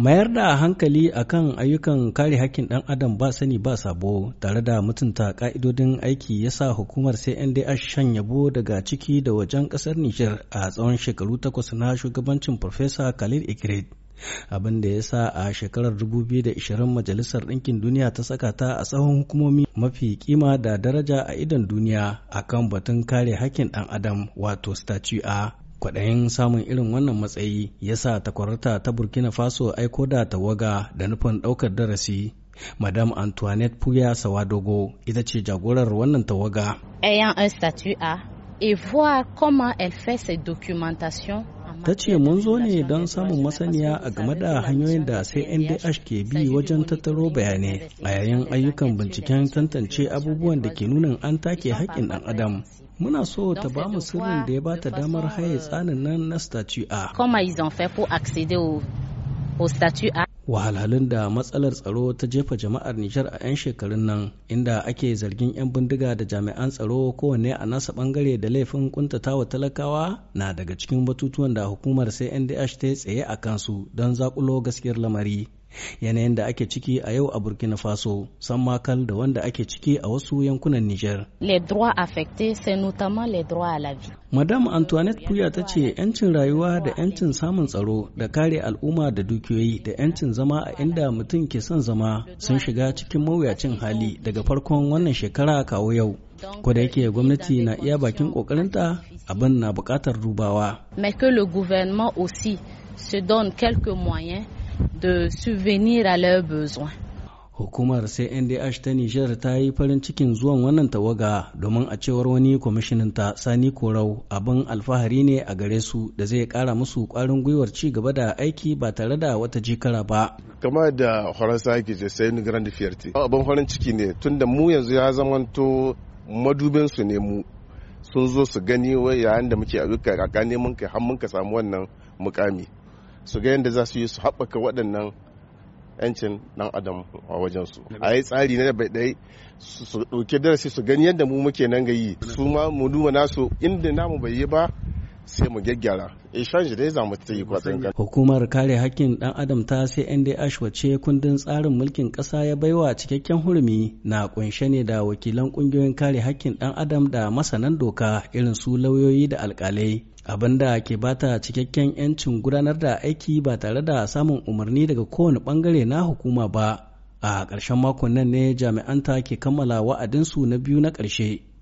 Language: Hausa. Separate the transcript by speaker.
Speaker 1: mayar da hankali akan ayyukan kare hakkin ɗan adam ba sani ba sabo tare da mutunta ƙa'idodin aiki ya sa hukumar cndh shan yabo daga ciki da wajen ƙasar nijar a tsawon shekaru takwas na shugabancin Profesa khalil ikred abin da ya sa a shekarar 2020 majalisar ɗinkin duniya ta saka ta a tsawon hukumomi mafi kima da daraja a idon duniya akan batun kare hakkin ɗan adam wato statue a kwaɗayin samun irin wannan matsayi ya sa takwarta ta burkina faso aiko da tawaga da nufin ɗaukar darasi madame antoinette puya sawadogo ita ce jagorar wannan tawaga ta ce mun zo ne don samun masaniya a game da hanyoyin da sai ndh ke bi wajen tattaro bayanai a yayin ayyukan binciken tantance abubuwan da ke nunin an take haƙƙin ɗan adam muna so ta ba mu sirrin da ya ba ta damar haye euh, tsanin nan na statue A. Wahalhalun da matsalar tsaro ta jefa jama'ar Nijar a 'yan shekarun nan inda ake zargin 'yan bindiga da jami'an tsaro kowanne a nasa bangare da laifin kuntatawa talakawa na daga cikin batutuwan da hukumar CNDH ta tsaye a kansu don zakulo gaskiyar lamari. yanayin da ake ciki a yau a burkina faso san makal da wanda ake ciki a wasu yankunan niger
Speaker 2: les droits affectés c'est notamment les droits à la vie
Speaker 1: madam antoinette puya ta ce yancin rayuwa da yancin samun tsaro da kare al'umma da dukiyoyi da yancin zama a inda mutum ke son zama sun shiga cikin mawuyacin hali daga farkon wannan shekara kawo yau ko da yake gwamnati na iya bakin kokarinta abin na bukatar dubawa
Speaker 2: mais le gouvernement aussi se donne quelques moyens de subvenir à leurs besoins.
Speaker 1: Hukumar CNDH ta Nijar ta yi farin cikin zuwan wannan tawaga domin a cewar wani ta Sani Korau abin alfahari ne a gare su da zai kara musu kwarin gwiwar ci gaba da aiki ba tare da wata
Speaker 3: jikara ba. Kama da Faransa yake je sai ni grand fierté. Abin farin ciki ne tunda mu yanzu ya zamanto madubin su ne mu sun zo su gani yayin da muke ayyuka kaka neman kai har mun ka samu wannan mukami. su ga yadda za su yi su haɓaka waɗannan 'yancin ɗan adam a wajensu a yi tsari na ɗai su ɗauki darasi su gani yadda mu muke nan ga yi su ma mu duba nasu inda namu bai yi ba sai mu gyaggyara eh, dai za mu ta yi kwatsan
Speaker 1: hukumar kare hakkin ɗan adam ta CNDH wace kundin tsarin mulkin ƙasa ya baiwa cikakken hurumi na kunshe ne da wakilan ƙungiyoyin kare hakkin ɗan adam da masanan doka irin su lauyoyi da alkalai abin da ke bata cikakken 'yancin gudanar da aiki ba tare da samun umarni daga kowane bangare na hukuma ba a ƙarshen makon nan ne jami'anta ke kammala wa'adinsu na biyu na ƙarshe